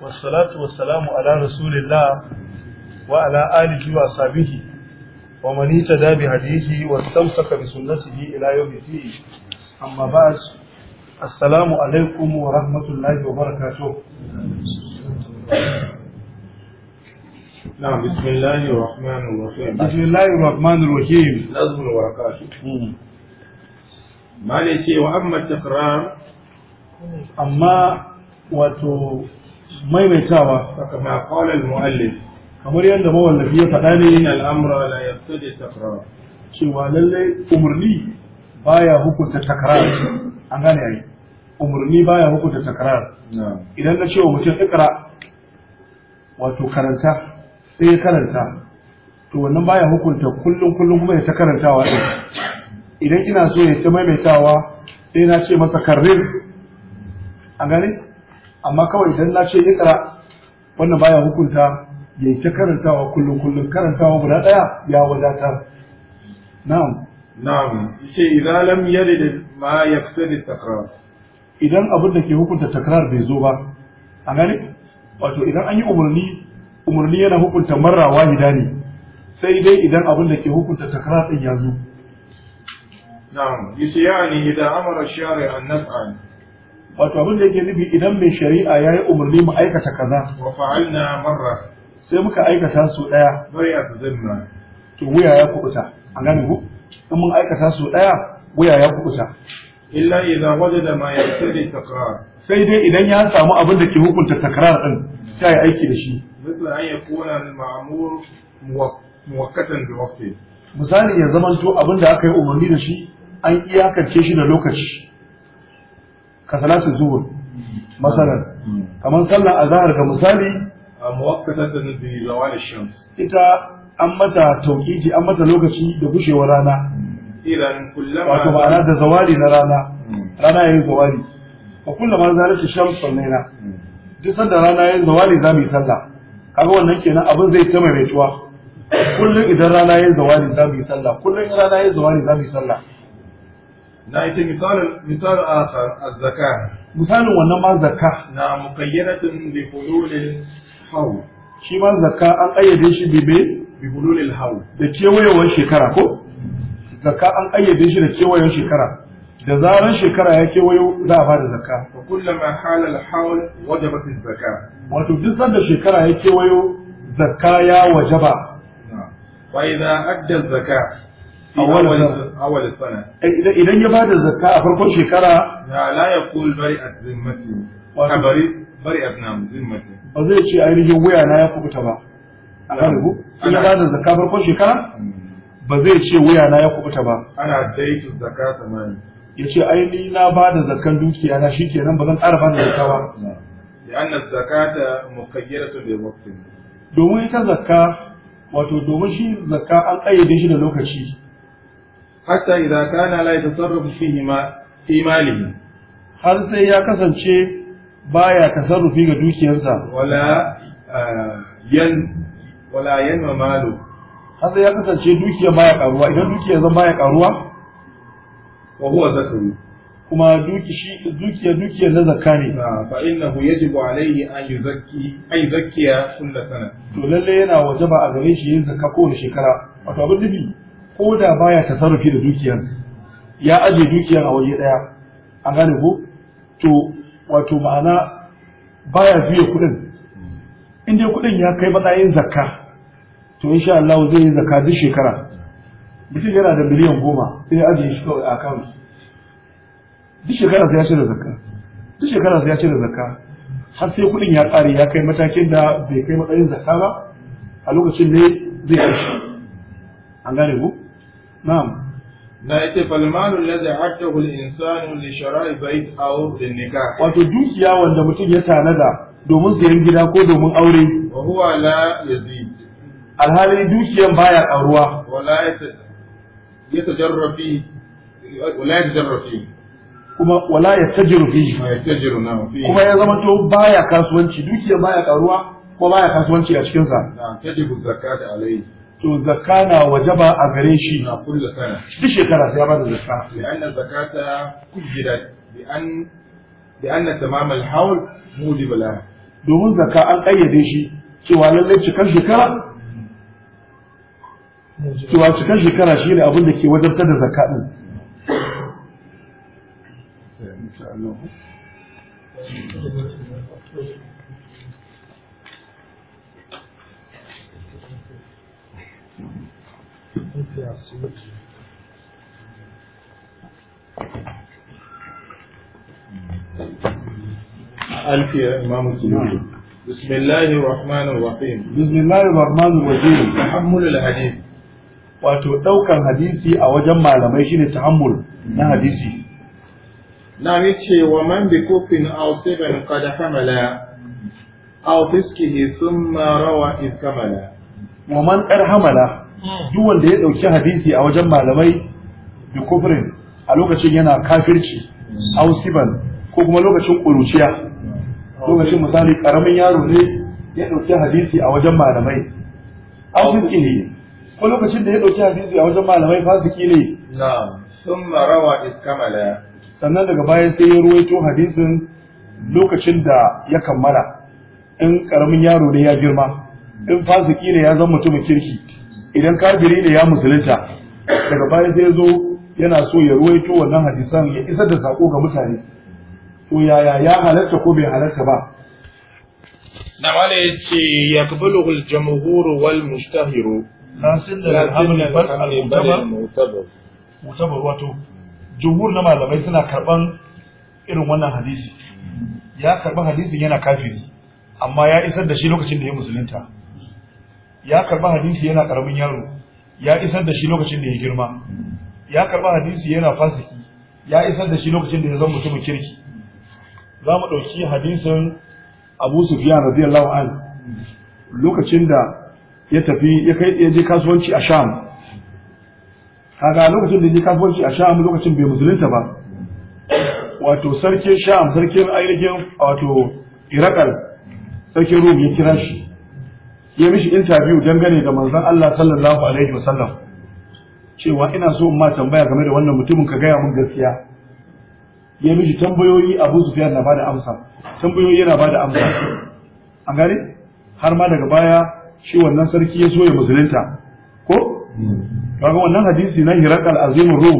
wasalatu wasalamu ala rasulillah wa a alihi wa sabihi wa manita da bi hadisi wa stamsaka bi sunnatihi ila yau fi amma ba assalamu alaikum wa rahmatullahi wa barakatuh na'am bismillahir rahmanir rahim bismillahir rahmanir rahim lazmul warakatu hmm. mane ce wa amma takrar amma wato maimaitawa kama qala al-muallif kamar yadda mawallafi ya faɗa ne in al'amura la yaftadi takrar cewa lalle umarni baya hukunta takrar an gane ai umarni baya hukunta takrar idan na cewa mutum ikra wato karanta sai ya karanta to wannan baya hukunta kullum kullum kuma ya ta karantawa din idan ina so ya ta maimaitawa sai na ce masa karrir an gane amma kawai idan na ce kara wannan baya hukunta ya yi ta karantawa kullum kullum karantawa guda ɗaya ya wadata. na'am na'am ce idan lam da ma yaksadi takrar idan abin da ke hukunta takrar bai zo ba a gani wato idan an yi umarni umarni yana hukunta marra wahida ne sai dai idan abin da ke hukunta takrar din ya zo na'am yace ne idan amara shari'a an wato abin da yake nufi idan mai shari'a ya yi umarni mu aikata kaza wa fa'alna marra sai muka aikata su daya bai azanna to wuya ya kubuta an gane ku in mun aikata su daya wuya ya kubuta illa idza wajada ma yaqtadi takrar sai dai idan ya samu abin da ke hukunta takrar din sai ya aiki da shi misali an yakuna al ma'amur muwakkatan bi waqti misali ya zamanto abin da aka yi umarni da shi an iyakance shi da lokaci ka salatu zuhur masalan kamar sallar azhar ga misali muwaqqatan da nabi zawal shams ita an mata tauqiti an mata lokaci da gushewar rana idan kullama wato ma'ana da zawali na rana rana yayin zawali fa kullama zalat shams sallaina duk sanda rana yayin zawali za mu yi sallah kaga wannan kenan abin zai ta maimaituwa kullum idan rana yayin zawali za mu yi sallah kullum idan rana yayin zawali za mu yi sallah na ita misalin misal azzaka misalin wannan ma zakka na muqayyadatun bi hululil hawl shi ma zakka an ayyade shi bi me bi hululil hawl da kewayewar shekara ko zakka an ayyade shi da kewayewar shekara da zaran shekara ya kewayo za a bada zakka wa kullama hala al-hawl wajabat az-zakka wato duk sanda shekara ya kewayo zakka ya wajaba wa idza adda az-zakka awwal sana idan ya bada zakka a farkon shekara la yaqul bari'at zimmati wa bari bari'at nam zimmati ba zai ce ainihin wuya na ya kubuta ba a kan rubu in ya bada zakka farkon shekara ba zai ce wuya na ya kubuta ba ana daitu zakka samani yace ainihi na bada zakkan dukiya na shikenan ba zan ƙara bada zakka ba لأن الزكاة مخيرة بوقت domin ita zakka wato domin shi zakka an ƙayyade shi da lokaci hatta idza kana la yatasarrafu fihi ma fi malihi har sai ya kasance baya tasarrufi ga dukiyarsa wala ah, yan wala yan malu har sai ya kasance dukiya baya karuwa idan dukiya zan baya karuwa wa huwa zakaru kuma duki shi dukiya dukiya na zakka ne ah, fa innahu yajibu alayhi an yuzakki ay yuzakkiya kullu sana to lalle yana wajaba a gare shi yin zakka kowace shekara wato abin nufi ko da baya tasarrufi da dukiyar ya aje dukiyar a waje daya an gane ko to wato ma'ana baya biye kuɗin in dai kuɗin ya kai matsayin zakka to insha Allah zai yi zakka duk shekara mutum yana da miliyan goma sai ya ajiye shi kawai a account duk shekara sai ya da zakka duk shekara sai ya da zakka har sai kuɗin ya kare ya kai matakin da bai kai matsayin zakka ba a lokacin ne zai shi an gane ko. na'am na ita falmanu lazi haddahu al-insanu li shara'i bait aw lin nikah wato dukiya wanda mutum ya tanada domin sayan gida ko domin aure wa huwa la yazid alhali dukiyan baya karuwa wala yatajarra fi wala kuma wala yatajiru fi kuma ya zama to baya kasuwanci dukiyan baya karuwa ko baya kasuwanci a cikin sa na to zakka na wajaba a gare shi na kullu sana duk shekara sai ya bada zakka li anna zakata kujidat bi an bi anna tamam al hawl mujib la domin zakka an kayyade shi cewa lallai cikar shekara cewa cikar shekara shi ne abin da ke wajabtar da zakka din ألف يا إمام السلوك نعم. بسم الله الرحمن الرحيم بسم الله الرحمن الرحيم تحمل الحديث وتوقع الحديث أو جمع لمشين تحمل الحديث نعم يتشي ومن بكوف أو سبع قد حمل أو فسكه ثم روى إذ كمل ومن أرحمله duk wanda ya dauki hadisi a wajen malamai bi kufrin a lokacin yana kafirci ausiban ko kuma lokacin kuruciya lokacin misali karamin yaro ne ya dauki hadisi a wajen malamai ausiki ne ko lokacin da ya dauki hadisi a wajen malamai fasiki ne na'am rawa iskamala sannan daga baya sai ya ruwaito hadisin lokacin da ya kammala in karamin yaro ne ya girma in fasiki ne ya zama mutumin kirki idan kafiri ne ya musulunta daga baya sai zo yana so ya ruwaito wannan hadisan ya isar da sako ga mutane to yaya ya halatta ko bai halatta ba na wale ya ce ya kabalu jamhur wal mustahiru nasin da alhamdulillah bal al mutabar mutabar wato jumhur na malamai suna karban irin wannan hadisi ya karban hadisin yana kafiri amma ya isar da shi lokacin da ya musulunta ya karba hadisi yana karamin yaro ya isar da shi lokacin da ya girma ya karba hadisi yana fasiki ya isar da shi lokacin da ya zama mutumin kirki za mu ɗauki hadisin abu sufiyan radiyallahu an lokacin da ya tafi ya kai ya je kasuwanci a sham kaga lokacin da ya je kasuwanci a sham lokacin bai musulunta ba wato sarkin sham sarkin ainihin wato irakal sarkin rum ya kira shi ya mishi interview dangane da manzon Allah sallallahu alaihi wasallam cewa ina so in ma tambaya game da wannan mutumin ka gaya mun gaskiya ya mishi tambayoyi Abu Sufyan na bada amsa tambayoyi yana bada amsa an gane har ma daga baya shi wannan sarki ya so ya musulunta ko kaga wannan hadisi na Hirakal Azim Rum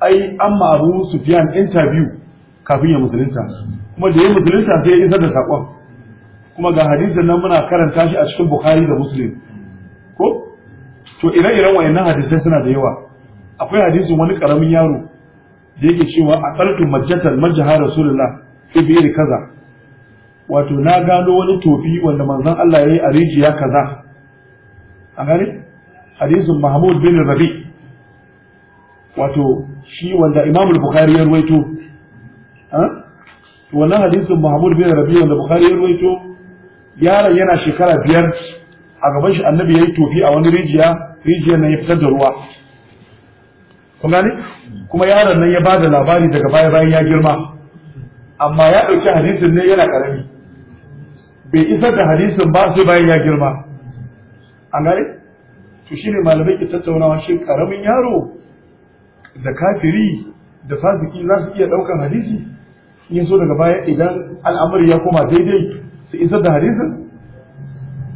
ai amma Abu Sufyan interview kafin ya musulunta kuma da ya musulunta sai ya isar da sakon kuma ga hadisin nan muna karanta shi a cikin bukhari da muslim ko to ire-iren wayannan hadisai suna da yawa akwai hadisin wani karamin yaro da yake cewa a ƙarfin majjatar majaha rasulullah ibiri kaza wato na gano wani tofi wanda manzon Allah ya yi a rijiya kaza a gane hadisin mahmud bin rabi wato shi wanda imamul bukhari ya ruwaito wannan hadisin mahmud bin rabi wanda bukhari ya ruwaito yaron yana shekara biyar a gaban shi annabi ya yi tofi a wani rijiya rijiyar nan ya fitar da ruwa kun kuma yaron nan ya ba da labari daga baya bayan ya girma amma ya ɗauki hadisin ne yana ƙarami bai isar da hadisin ba sai bayan ya girma an gane to shi ne malamai ke tattaunawa shi ƙaramin yaro da kafiri da fasiki za su iya ɗaukan hadisi in so daga baya idan al'amari ya koma daidai su isa da hadisin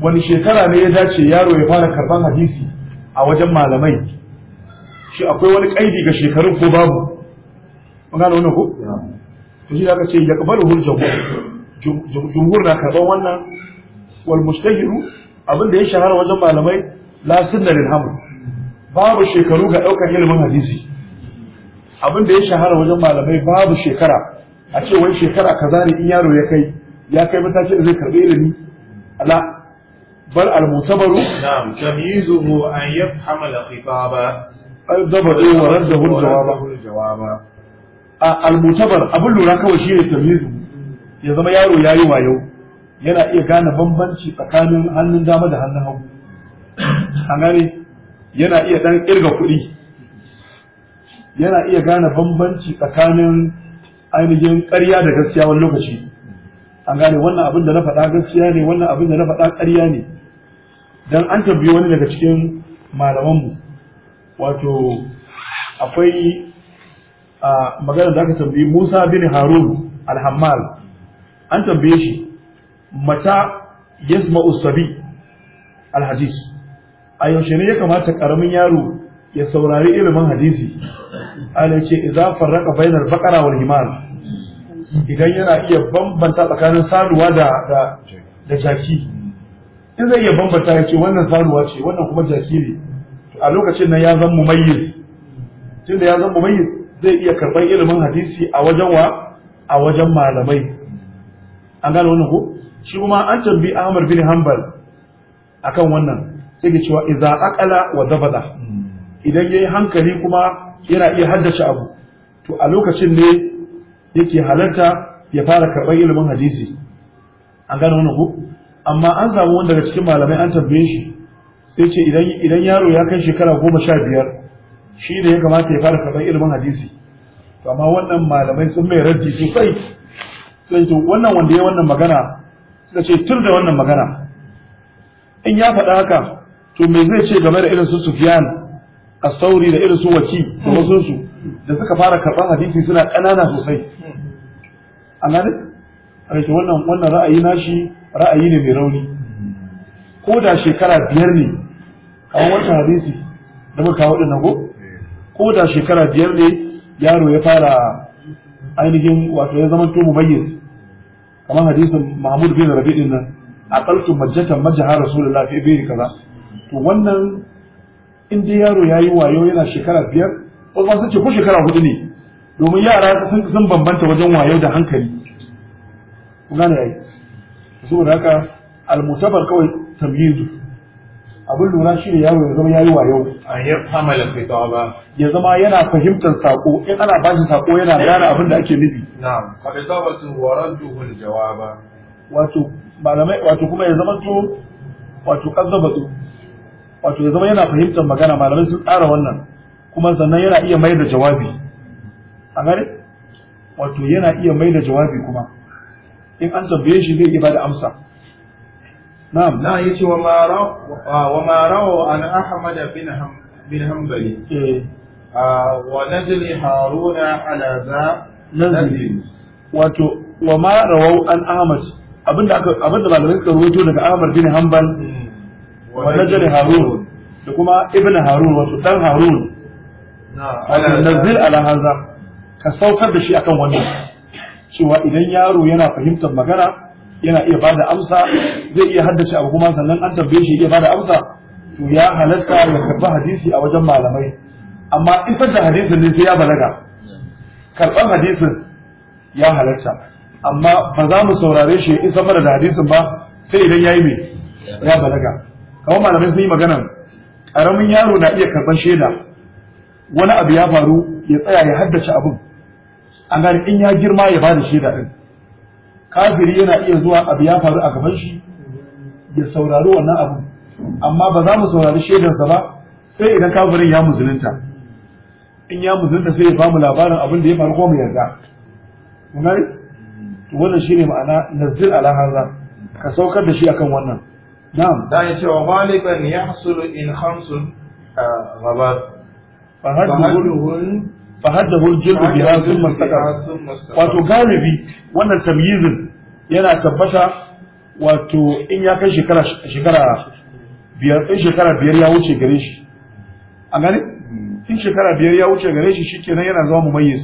wani shekara ne ya dace yaro ya fara karban hadisi a wajen malamai shi akwai wani kaidi ga shekarun ko babu mun gane wannan ko to shi aka ce ya kabalu hul jumhur jumhur na karban wannan wal mustahiru abin da ya shahara wajen malamai la sunna lil babu shekaru ga daukar ilimin hadisi abin da ya shahara wajen malamai babu shekara a ce wai shekara kaza ne in yaro ya kai ya kai matakin da zai karbi ilimi ala bal al-mutabaru na'am tamyizuhu an yafhama al-khitaba al-dabadu wa raddahu al-jawaba al-mutabar abun lura kawai shine tamyizu ya zama yaro yayi wayo yana iya gane bambanci tsakanin hannun dama da hannun hagu an gane yana iya dan kirga kuɗi yana iya gane bambanci tsakanin ainihin ƙarya da gaskiya wani lokaci an gane wannan abin da na faɗa gaskiya ne wannan abin da na faɗa ƙarya ne dan an tambayi wani daga cikin malamanmu wato akwai a magana da aka tambayi Musa bin Harun al an tambaye shi mata yasma'u usabi alhadis a yaushe ne ya kamata karamin yaro ya saurari ilimin hadisi ana ce idza farraqa bainal bakara wal Himal. idan yana iya bambanta tsakanin saluwa da da jaki in zai iya bambanta ya ce wannan saluwa ce wannan kuma jaki ne a lokacin nan ya zan mumayyiz tunda ya zan mumayyiz zai iya karɓar ilimin hadisi a wajen wa a wajen malamai an gane wannan ko shi kuma an tambi Ahmad bin Hanbal akan wannan sai ke cewa idza aqala wa dabada idan yayi hankali kuma yana iya haddace abu to a lokacin ne yake halarta ya fara karɓar ilimin hadisi an gane wani ko amma an samu wanda daga cikin malamai an tambaye shi sai ce idan yaro ya kai shekara goma sha biyar shi ne ya kamata ya fara karɓar ilimin hadisi to amma wannan malamai sun mai raddi sosai sai to wannan wanda ya wannan magana suka ce tur da wannan magana in ya faɗa haka to me zai ce game da irin su sufiyan A sauri da irin su Waki da wasu su da suka fara karɓar hadisi suna ƙanana sosai A gane a yake wannan ra'ayi nashi ra'ayi ne mai rauni ko da shekara biyar ne kawo wancan hadisi da muka kawo ɗin nago ko da shekara biyar ne yaro ya fara ainihin wato ya zama tomu bayyin kamar hadisin mahmud bin rabi'in nan aqaltu majjatan majaha rasulullah fi ibni kaza to wannan in dai yaro yi wayo yana shekara biyar wasu sun ce ko shekara hudu ne domin yara sun bambanta wajen wayo da hankali ku gane yayi saboda haka almutabar kawai tamyizu abin lura shi ne yaro ya zama yayi wayo a ya hamala ba ya zama yana fahimtar sako in ana ba shi sako yana gane abin da ake nufi na'am fa isabatu warantuhu jawaba wato malamai wato kuma ya zama to wato kazzabatu wato ya zama yana fahimtar magana malamai sun tsara wannan kuma sannan yana iya mai da jawabi a gane wato yana iya mai da jawabi kuma in an tambaye shi zai iya bada amsa na'am na yi ce wa ma rawu an ahmad bin ham bin hanbali eh wa najli haruna ala za wato wa ma rawu an ahmad abinda aka abinda malamai suka rawaito daga ahmad bin hanbal hmm. wa najli harun da kuma ibn harun wato dan harun nazir ala haza ka saukar da shi akan wannan cewa idan yaro yana fahimtar magana yana iya ba da amsa zai iya haddace abu kuma sannan an tambaye shi iya ba da amsa to ya halatta ya karɓi hadisi a wajen malamai amma isar da hadisin ne sai ya balaga karɓar hadisin ya halatta amma ba za mu saurare shi in mana da hadisin ba sai idan ya yi mai ya balaga kamar malamai sun yi maganan ƙaramin yaro na iya karɓar shaida wani abu ya faru ya tsaya ya haddace abin an gani in ya girma ya bada shaida din kafiri yana iya zuwa abu ya faru a gaban shi ya saurari wannan abu amma ba za mu saurari shaidarsa ba sai idan kafirin ya musulunta in ya musulunta sai ya bamu labarin abin da ya faru ko mu yarda to wannan shine ma'ana nazil ala hadha ka saukar da shi akan wannan na'am da ya ce wa galiban yahsulu in khamsun ah, fahaddahu al-jildu biha thumma istaqara wato galibi wannan tamyizin yana tabbata wato in ya kai shekara shekara biyar in shekara biyar ya wuce gare shi a gani? in shekara biyar ya wuce gare shi shikenan yana zama mumayyiz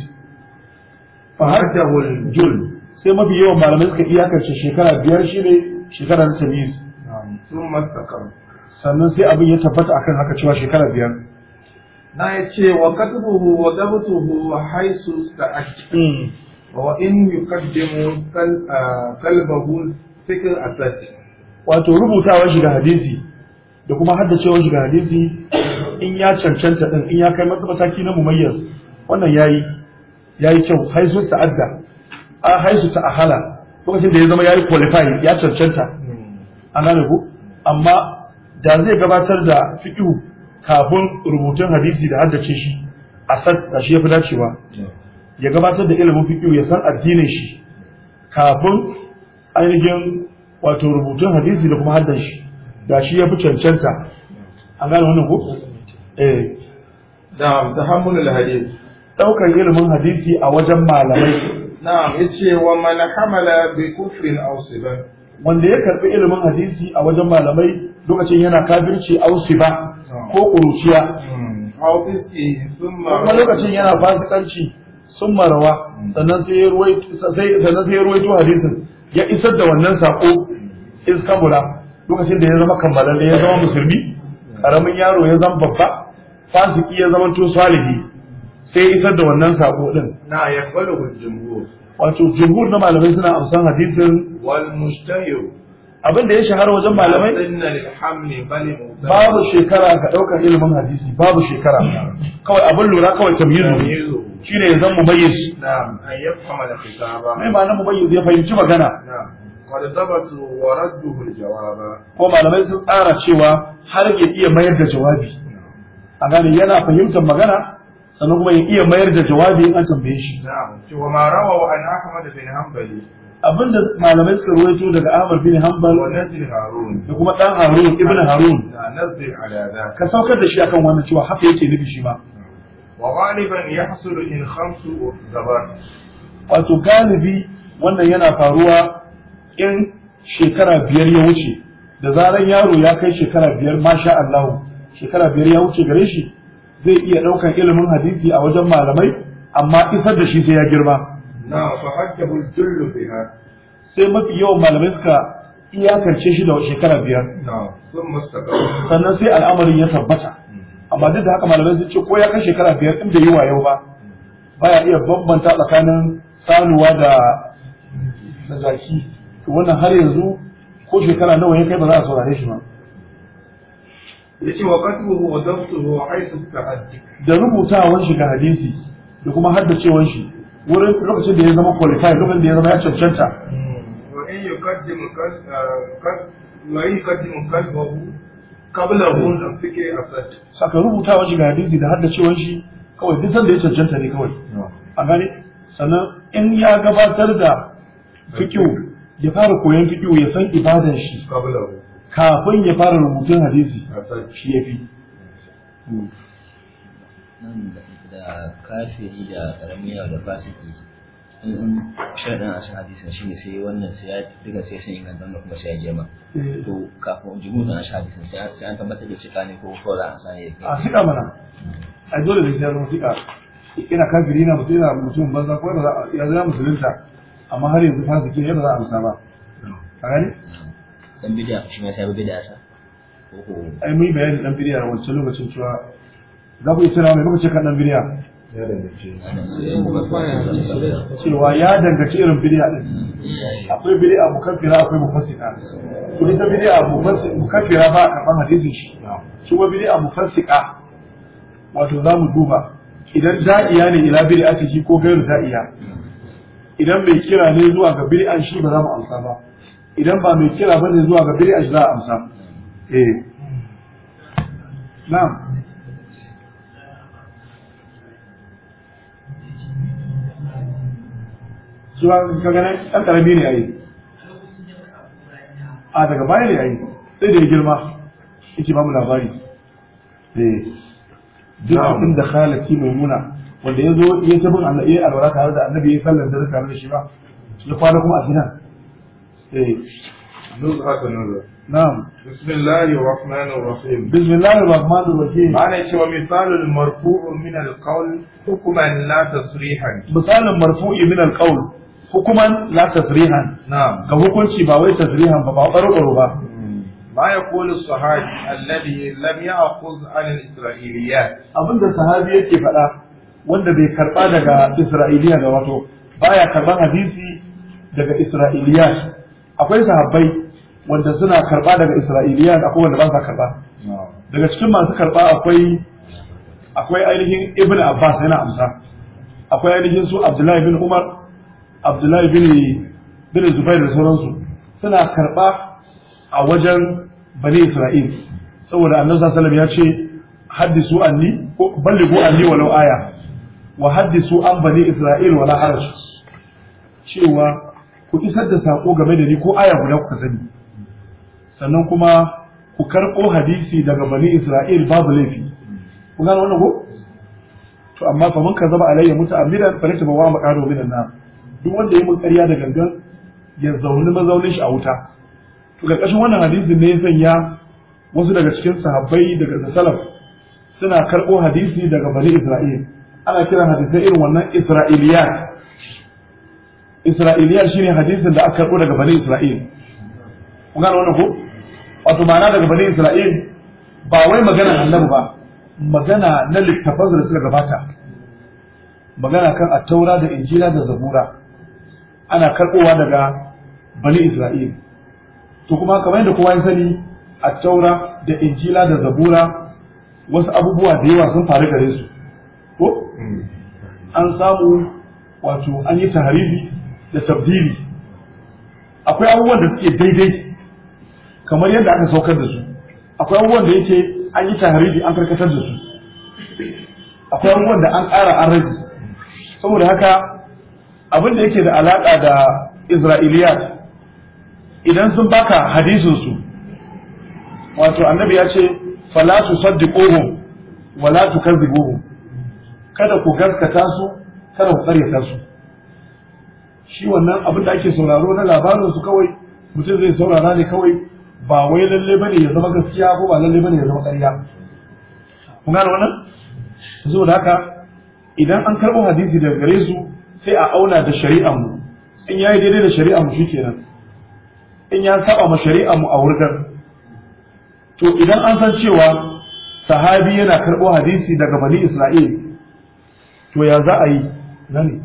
fahaddahu al-jildu sai mafi yawan malamai suka iyakance shekara biyar shi ne shekara ta tamyiz sannan sai abin ya tabbata akan haka cewa shekara biyar na ya ce wa katbuhu wa dabtuhu haisu sta'at hmm. wa in yuqaddimu qalbahu ah, fikr asad wato rubutawa shi ga hadisi da kuma haddacewa shi ga hadisi in ya cancanta din in ya kai mataki na mumayyaz wannan yayi yayi kyau haisu adda, a ah, haisu ta'ahala lokacin da ya zama yayi qualify ya cancanta hmm. an gane ku amma da zai gabatar da fiqhu kafin rubutun hadisi da haddace shi a san shi ya fi dacewa ya gabatar da ilimin fiqh ya san addinin shi kafin ainihin wato rubutun hadisi da kuma haddan shi da shi ya fi cancanta an gane wannan ko eh da tahammulul hadith daukar ilimin hadisi a wajen malamai na'am yace wa man hamala bi kufrin aw siban wanda ya karbi ilimin hadisi a wajen malamai lokacin yana kafirci aw ba. ko ƙuruciya hmm. kuma lokacin yana fasikanci sun marawa hmm. sannan sai ya ruwaito hadisin ya isar da wannan saƙo in samura lokacin da ya zama kammalalle ya zama musulmi karamin yaro ya zama babba fasiki ya zama to salihi sai ya isar da wannan saƙo din na wajen jimhur wato jimhur na malamai suna amsan hadisin wal abin da ya shahara wajen malamai babu shekara ka ɗaukar ilimin hadisi babu shekara kawai abin lura kawai tamyizu shi ne zan mumayyiz mai ma na mumayyiz ya fahimci magana ko malamai sun tsara cewa har ya iya mayar da jawabi a gane yana fahimtar magana sannan kuma ya iya mayar da jawabi in an tambaye shi na'am ma an bin abinda malamai suka ruwaito daga Ahmad bin Hanbal da kuma dan Harun ibn Harun ka saukar da shi akan wannan cewa haka yake nufi shi ma wa ghaliban yahsul in khamsu dabar wato galibi wannan yana faruwa in shekara biyar ya wuce da zaran yaro ya kai shekara biyar masha Allah shekara biyar ya wuce gare shi zai iya ɗaukar ilimin hadisi a wajen malamai amma isar da shi sai ya girma sai mafi yawan malamai suka iyakance shi da shekara biyar sannan sai al'amarin ya tabbata mm-hmm. amma duk da haka malamai sun ce ko ya kai shekara biyar in bai yi yau ba mm-hmm. baya iya bambanta tsakanin sanuwa da zaki wannan har yanzu ko shekara nawa ya kai ba za a saurare shi ba Da rubuta wa da rubutawan shi ga hadisi da kuma haddacewan shi wurin lokacin da ya zama qualified lokacin da ya zama ya cancanta wa in yuqaddimu ah, wa in yuqaddimu kalbahu qabla hun fike afat saka rubuta waje ga hadisi da haddacewan shi kawai duk sanda ya cancanta ne kawai a gani sannan in ya gabatar da fikihu ya fara koyon fikihu ya san ibadan shi kafin ya fara rubutun hadisi shi ya fi hmm. nan da kafiri da ƙaramin yau da fasiki in shaɗin asin hadisin shi ne sai wannan sai ya duka sai sun inganta wannan kuma sai ya girma eh. to kafin jimu da asin hadisin sai an tabbatar da cika ne ko ko a asin ya kai a cika mana hmm. a dole da shi ya zama cika ina kafiri na mutum ina mutum banza ko da ya zama musulunta amma har yanzu fasiki ne ba za a amsa ba a gani hmm. dan bidiya shi ma sai bidiya sa ai mun bayani dan bidiya wancan lokacin cewa za ku iya tuna mai muka ce kan dan bidiya cewa ya danganci irin bidiya din akwai kan mukaffira akwai mufassika to ita kan mukaffira ba a karban hadisin shi shi mu kan mufassika wato za mu duba idan da'iya ne ila bid'a shi ko gairu da'iya idan mai kira ne zuwa ga bid'a shi ba za mu amsa ba idan ba mai kira ba ne zuwa ga bid'a shi za a amsa eh na'am zuwa ka ga ɗan ƙarami ne a yi a daga baya ne a yi sai da ya girma yake ba mu labari eh, duk abin da khalaki mai muna wanda ya zo ya ta bin alwara tare da annabi ya sallar da tare da shi ba ya kwana kuma a gidan eh nuz hasanun na'am bismillahir rahmanir rahim bismillahir rahmanir rahim ana cewa misalul marfu'u min alqawl hukman la tasrihan misalul marfu'i min alqawl hukuman la tasrihan ga hukunci ba wai tasrihan ba ba barbaro ba hmm. ma yaqulu sahabi alladhi lam ya'khudh 'an al-isra'iliyat abinda sahabi yake faɗa wanda bai karba daga isra'iliya da wato baya karban hadisi daga isra'iliyat akwai sahabbai wanda suna karba daga isra'iliya akwai wanda ba sa karba daga cikin masu karba akwai akwai ainihin ibn abbas yana amsa akwai ainihin su abdullahi bin umar abdullahi bin bin zubair da sauransu suna karɓa a wajen bani isra'il saboda annabi sallallahu ya ce haddisu anni ko ballighu anni walau aya wa haddisu an bani isra'il wala haraj cewa ku isar da sako game da ni ko aya guda kuka sani sannan kuma ku karɓo hadisi daga bani isra'il babu laifi ku gane wannan ko to amma fa mun ka zaba alayya muta amidan fa ba bawa maqadu minan nar duk wanda ya mun karya da gangan ya zauni mazaunin shi a wuta to ƙarƙashin wannan hadisin ne ya sanya wasu daga cikin sahabbai daga salaf suna karɓo hadisi daga bani isra'il ana kiran hadisai irin wannan isra'iliyat isra'iliyat shine hadisin da aka karɓo daga bani isra'il kun gane wannan ko wato ma'ana daga bani isra'il ba wai magana annabi ba magana na littafan da suka gabata magana kan attaura da injila da zabura ana karɓowa daga bani isra'ila to kuma kamar yadda kowa ya sani a taura da injila da zabura wasu abubuwa da yawa sun faru gare su ko an samu wato an yi da tabdili akwai abubuwan da suke daidai kamar yadda aka saukar da su akwai abubuwan da yake an yi taharifi an karkatar da su akwai abubuwan da an ƙara an rage saboda haka abin da yake da alaƙa da isra'iliyat idan sun baka hadisinsu wato annabi ya ce Falatu su saddiquhum wala kada ku gaskata su kada ku karyata su shi wannan abin da ake sauraro na labarin su kawai mutum zai saurara ne kawai ba wai lalle bane ya zama gaskiya ko ba lalle bane ya zama ƙarya kun gane wannan haka idan an karɓo hadisi daga gare su sai a auna da shari'a mu in yayi daidai da shari'a mu shikenan in ya saba ma shari'a mu a wurgar to idan an san cewa sahabi yana karɓo hadisi daga bani Isra'il to ya za a yi nan ne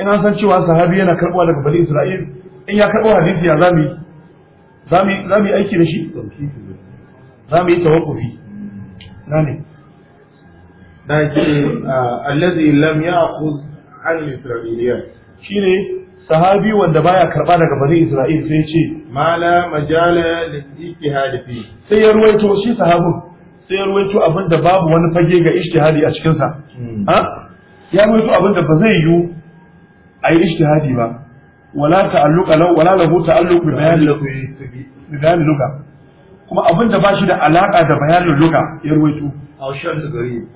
in an san cewa sahabi yana karɓo daga bani Isra'il in ya karɓo hadisi ya za mu yi aiki da shi za mu yi tawakkufi nan ne da ke ah, allazi lam ya'khudh an isra'iliya shine sahabi wanda baya karba daga bani isra'il sai ce mala majala lijtihadi fi sai ya ruwaito shi sahabun sai ya ruwaito abin da babu wani fage ga ijtihadi a cikin sa hmm. ya ruwaito abin da ba zai yiwu a yi ijtihadi ba wala ta'alluqa law wala lahu ta'alluq bi bayan bi bayan lugha kuma abin da ba shi da alaka da bayanin luka, ya ruwaito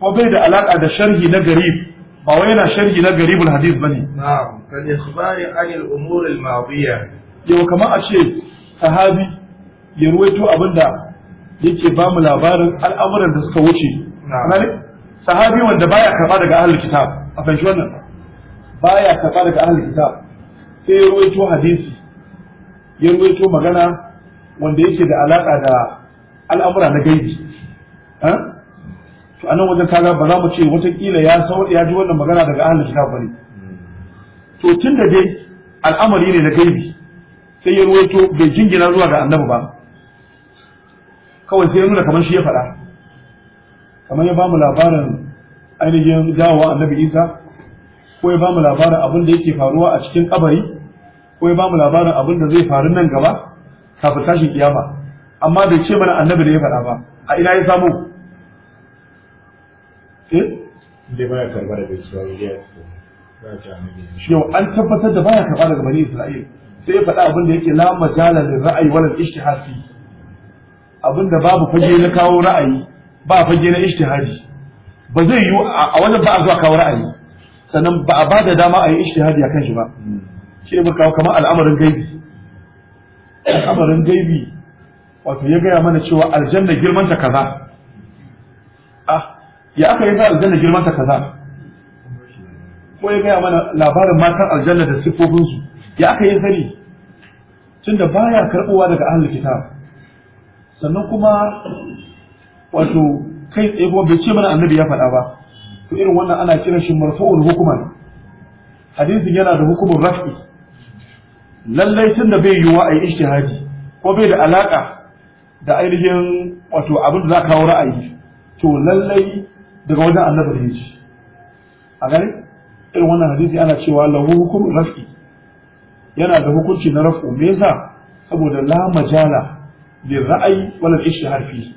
ko bai da alaka da sharhi na garib ba wai yana sharhi na garibul hadith bane na'am kal ikhbari an umur al madiya yau kamar a ce sahabi ya ruwaito abinda yake ba mu labarin al'amuran da suka wuce sahabi wanda baya karba daga ahlul kitab a fahimci wannan baya karba daga ahlul kitab sai ya ruwaito hadisi ya ruwaito magana wanda yake da alaka da al'amura na gaibi a nan wajen kaga ba za mu ce watakila ya ya ji wannan magana daga ahlul kitab bane to tun da dai al'amari ne na gaibi sai ya ruwaito bai jingina zuwa ga annabi ba kawai sai ya nuna kamar shi ya faɗa kamar ya bamu labarin ainihin dawowa annabi isa ko ya bamu labarin abin da yake faruwa a cikin kabari ko ya bamu labarin abin da zai faru nan gaba kafin tashin kiyama amma bai ce mana annabi da ya faɗa ba a ina ya samu Eh? baya karba daga Isra'iliya yau an tabbatar da baya karba daga bani Isra'il sai ya faɗa abin da yake la majala lil ra'ayi wala ijtihad fi abin da babu fage na kawo ra'ayi ba fage na ijtihadi ba zai yi a wajen ba a zuwa kawo ra'ayi sannan ba a ba da dama a yi ijtihadi a kan shi ba shi ne kawo kamar al'amarin gaibi al'amarin gaibi wato ya gaya mana cewa aljanna girman ta kaza ya aka yi sa aljanna girman ta kaza ko ya gaya mana labarin matan aljanna da siffofinsu ya aka yi sani tunda baya karɓowa daga ahlul kitab sannan kuma wato kai tsaye kuma bai ce mana annabi ya faɗa ba to irin wannan ana kiran shi marfa'ul hukuman hadisin yana da hukumin raf'i lallai tunda bai yiwuwa a yi ishtihadi ko bai da alaka da ainihin wato abin da za kawo ra'ayi to lallai daga wajen annabi da yaji a gani irin wannan hadisi ana cewa lahu hukum raf'i yana da hukunci na raf'u me yasa saboda la majala li ra'ayi wala ijtihad fi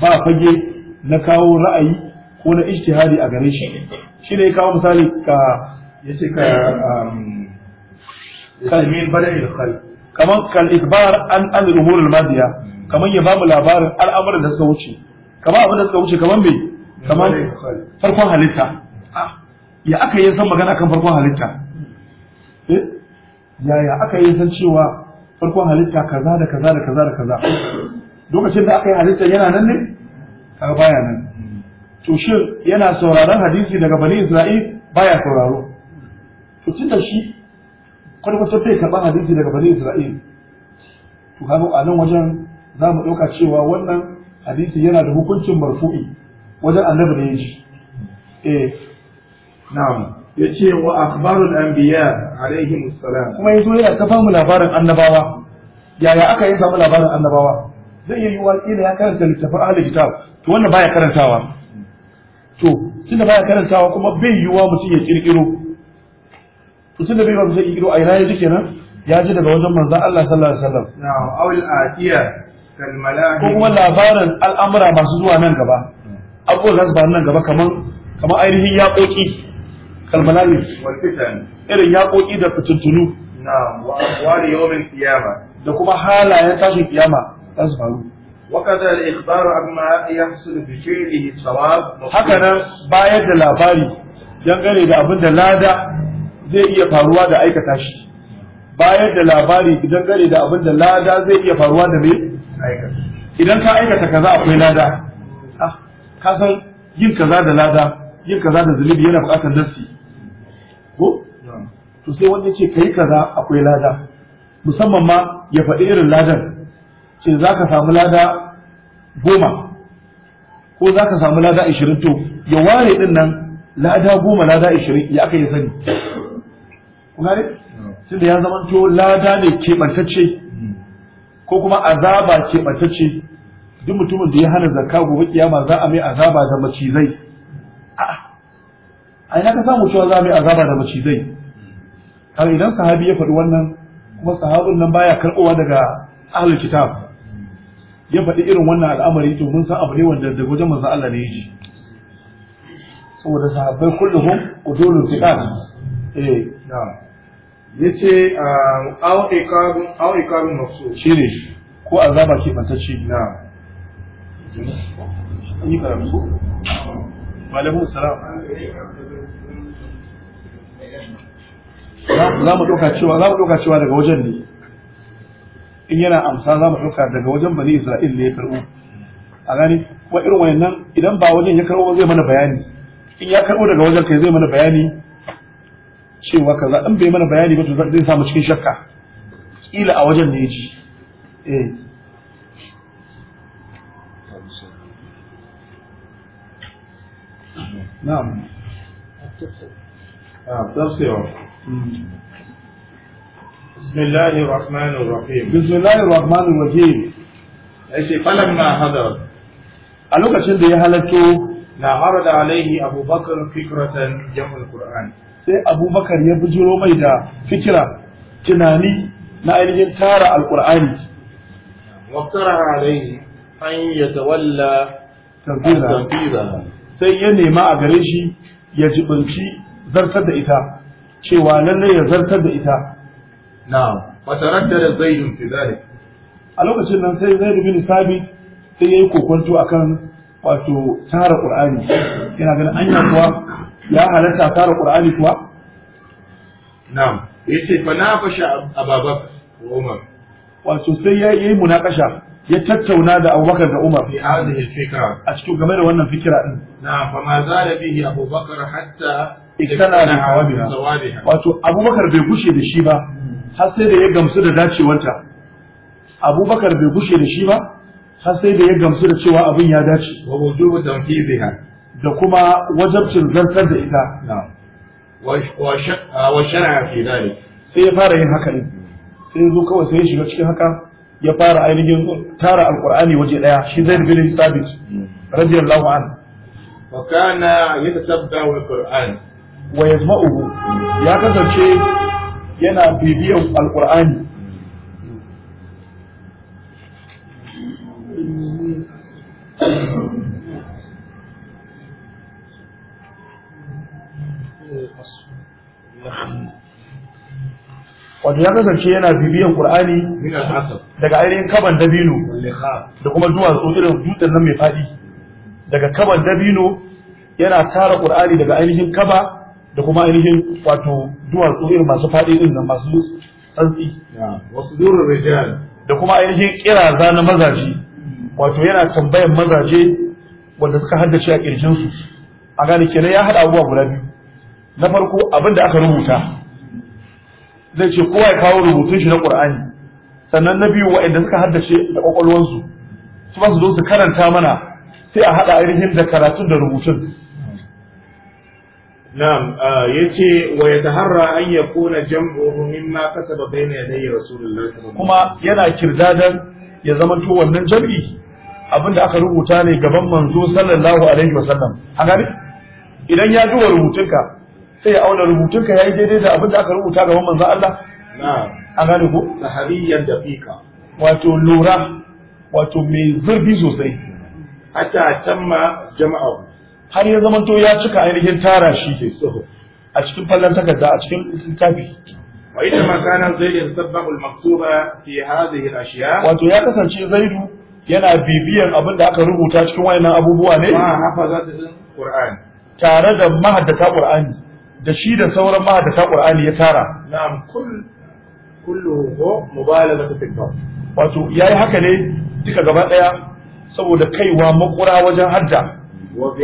ba fage na kawo ra'ayi ko na ijtihadi a gare shi shi ne kawo misali ka um, yace ka kalmin bada'il khalq kamar kal ikbar an an al-umur al-madiya kamar ya bamu labarin al'amuran da suka wuce kamar abin da suka wuce kamar me kamar farkon halitta ah. ya aka yi san magana kan farkon halitta yaya hmm. eh? aka yi san cewa farkon halitta kaza da kaza da kaza da kaza hmm. lokacin da aka yi halitta yana nan ne hmm. kaga baya nan to shin yana sauraron hadisi daga bani isra'il baya sauraro to tunda shi kwarkwata bai karɓar hadisi daga bani isra'il to kaga a nan wajen za mu ɗauka cewa wannan hadisi yana da hukuncin marfu'i wajen annabi ne ji eh na'am yace wa akhbarul anbiya alaihim assalam kuma yazo yana ta mu labarin annabawa yaya aka yi samu labarin annabawa zai yi yiwuwa kila ya karanta littafin ahlul kitab to wannan baya karantawa to tunda baya karantawa kuma bai yiwuwa mutum ya kirkiro to tunda bai yiwuwa mutum ya kirkiro ayi ina ya ji kenan ya ji daga wajen manzon Allah sallallahu alaihi wasallam na'am awil atiya kal mala'ika kuma labarin al'amura masu zuwa nan gaba abubuwan za su faru nan gaba kaman kamar ainihin yaƙoƙi kalmalani irin yaƙoƙi da fitintunu da kuma halayen tashin kiyama za su faru وكذا الإخبار عما يحصل بفعله الثواب labari dangane da abin da lada zai iya faruwa da aikata shi bayar da labari dangane da abin da lada zai iya faruwa da mai aikata idan ka aikata kaza akwai lada ka san yin kaza da lada yin kaza da zunubi yana buƙatar nafsi ko to sai wanda ce kai kaza akwai lada musamman ma ya faɗi irin ladan ce za ka samu lada goma ko za ka samu lada ashirin to ya ware ɗin nan lada goma lada ashirin ya aka yi sani kunare tunda ya zama to lada ne keɓantacce hmm. ko kuma azaba keɓantacce duk mutumin da ya hana zakka gobe kiyama za a mai azaba da macizai a ina ka samu cewa za a mai azaba da macizai kaga idan sahabi ya faɗi wannan kuma sahabin nan baya karɓowa daga ahli kitab ya faɗi irin wannan al'amari to mun san abu ne wanda daga wajen manzo Allah ne ya saboda sahabbai kulluhum udulul kitab eh na'am yace ah, au ikarun au ikarun nafsu shine ko azaba ke bantacce na'am an yi karatu salam za mu ɗauka cewa za mu ɗauka cewa daga wajen ne in yana amsa za mu ɗauka daga wajen bani isra'il ne ya karɓo a gani kuma irin wayannan idan ba wajen ya karɓo zai mana bayani in ya karɓo daga wajen kai zai mana bayani cewa za in bai mana bayani ba to zai samu cikin shakka kila a wajen ne ya ji eh نعم التفسير التفسير بسم الله الرحمن الرحيم بسم الله الرحمن الرحيم yace falamma hadar a lokacin da ya halarci na harada alaihi abubakar fikratan jam'ul qur'an sai abubakar ya bujiro mai da fikira tunani na ainihin tara alqur'ani waftara alaihi an yatawalla tanfira sai ya nema a gare shi ya jibinci zartar da ita cewa lallai ya zartar da ita Na fatarar da zai fi zalik a lokacin nan sai zai bin sabi sai yayi kokonto akan wato tara qur'ani yana ganin anya kuwa ya halatta tara qur'ani kuwa Na yace fa nafasha ababak umar wato sai yayi munakasha ya tattauna da Abubakar da Umar a cikin game da wannan fikira din na fa ma zala bihi Abubakar hatta iktana bi hawabiha wato Abubakar bai gushe da shi ba har sai da ya gamsu da dacewarta Abubakar bai gushe da shi ba har sai da ya gamsu da cewa abin ya dace wa wujubu tanfiziha da kuma wajabcin zartar da ita wa shar'a fi dhalik sai ya fara yin haka ne sai ya zo kawai sai ya shiga cikin haka ya fara ainihin tara alqur'ani waje daya shi zaid bin sabit radiyallahu anhu wa kana yatatabba alqur'an wa yasma'uhu ya kasance yana bibiyan alqur'ani Thank you. wato ya kasance yana bibiyan qur'ani daga ainihin kaban dabino da kuma duwatsu irin dutsen nan mai fadi daga kaban dabino yana tara qur'ani daga ainihin kaba da kuma ainihin wato duwatsu irin masu fadi din nan masu tsantsi wasu durin rijal da kuma ainihin kiraza na mazaje wato yana tambayan mazaje wanda suka haddace a ƙirjinsu. a gane kenan ya haɗa abubuwa guda biyu na farko abin da aka rubuta zai ce kowa ya kawo rubutun shi na qur'ani sannan na biyu waɗanda suka haddace da ƙwaƙwalwansu su ba su zo su karanta mana sai a haɗa ainihin da karatun da rubutun na'am yace wa yataharra an yakuna jam'uhu mimma kasaba bayna yadayhi rasulullahi kuma yana kirdadan ya zamanto wannan jam'i abinda aka rubuta ne gaban manzo sallallahu alaihi wasallam a gari idan ya duba rubutunka sai ya auna rubutun ka yayi daidai da abin da aka rubuta gaban manzo Allah na'am an gane ko tahriyan daqiqa wato lura wato mai zurfi sosai hatta tamma jama'a har ya zamanto ya cika ainihin tara shi ke so a cikin fallon takarda a cikin littafi وإنما كان زيد يتبع المكتوب في هذه الأشياء wato ya kasance zaidu yana bibiyan abin da aka rubuta cikin wayannan abubuwa ne ma hafazat Qur'an tare da mahaddata Qur'ani da shi da sauran mahadata qur'ani ya tara na'am kull kulluhu mubalagha fi wato yayi haka ne duka gaba daya saboda kaiwa makura wajen hadda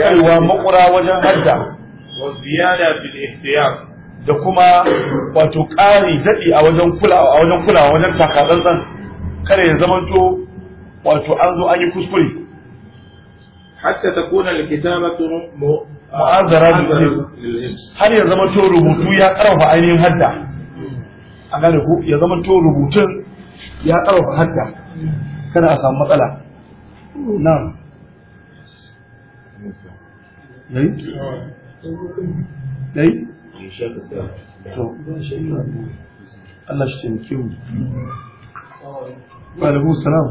kaiwa makura wajen hadda wa ziyada bil ihtiyar da kuma wato ƙari daɗi a wajen kula a wajen kula a wajen takatsantsan kada ya zamanto wato an zo an yi kuskure hatta takuna al-kitabatu mu'azzara lil har ya zama to rubutu ya karfafa ainihin hadda an gane ko ya zama to rubutun ya karfafa hadda kada a samu matsala na'am dai dai to Allah shi taimake mu wa alaikum salam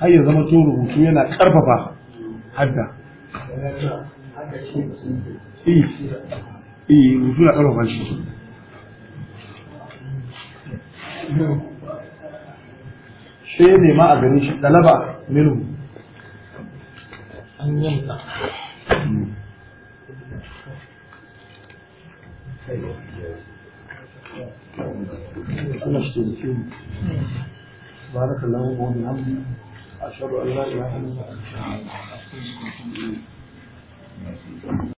hayyar zama tun rubutu yana karfafa hadda iya eh, eh, rubutu na karfafa shi sai ne ma a gani shi ɗalaba minhu an yamta Thank you. بارك الله وبحمده أشهد أن لا إله إلا أنت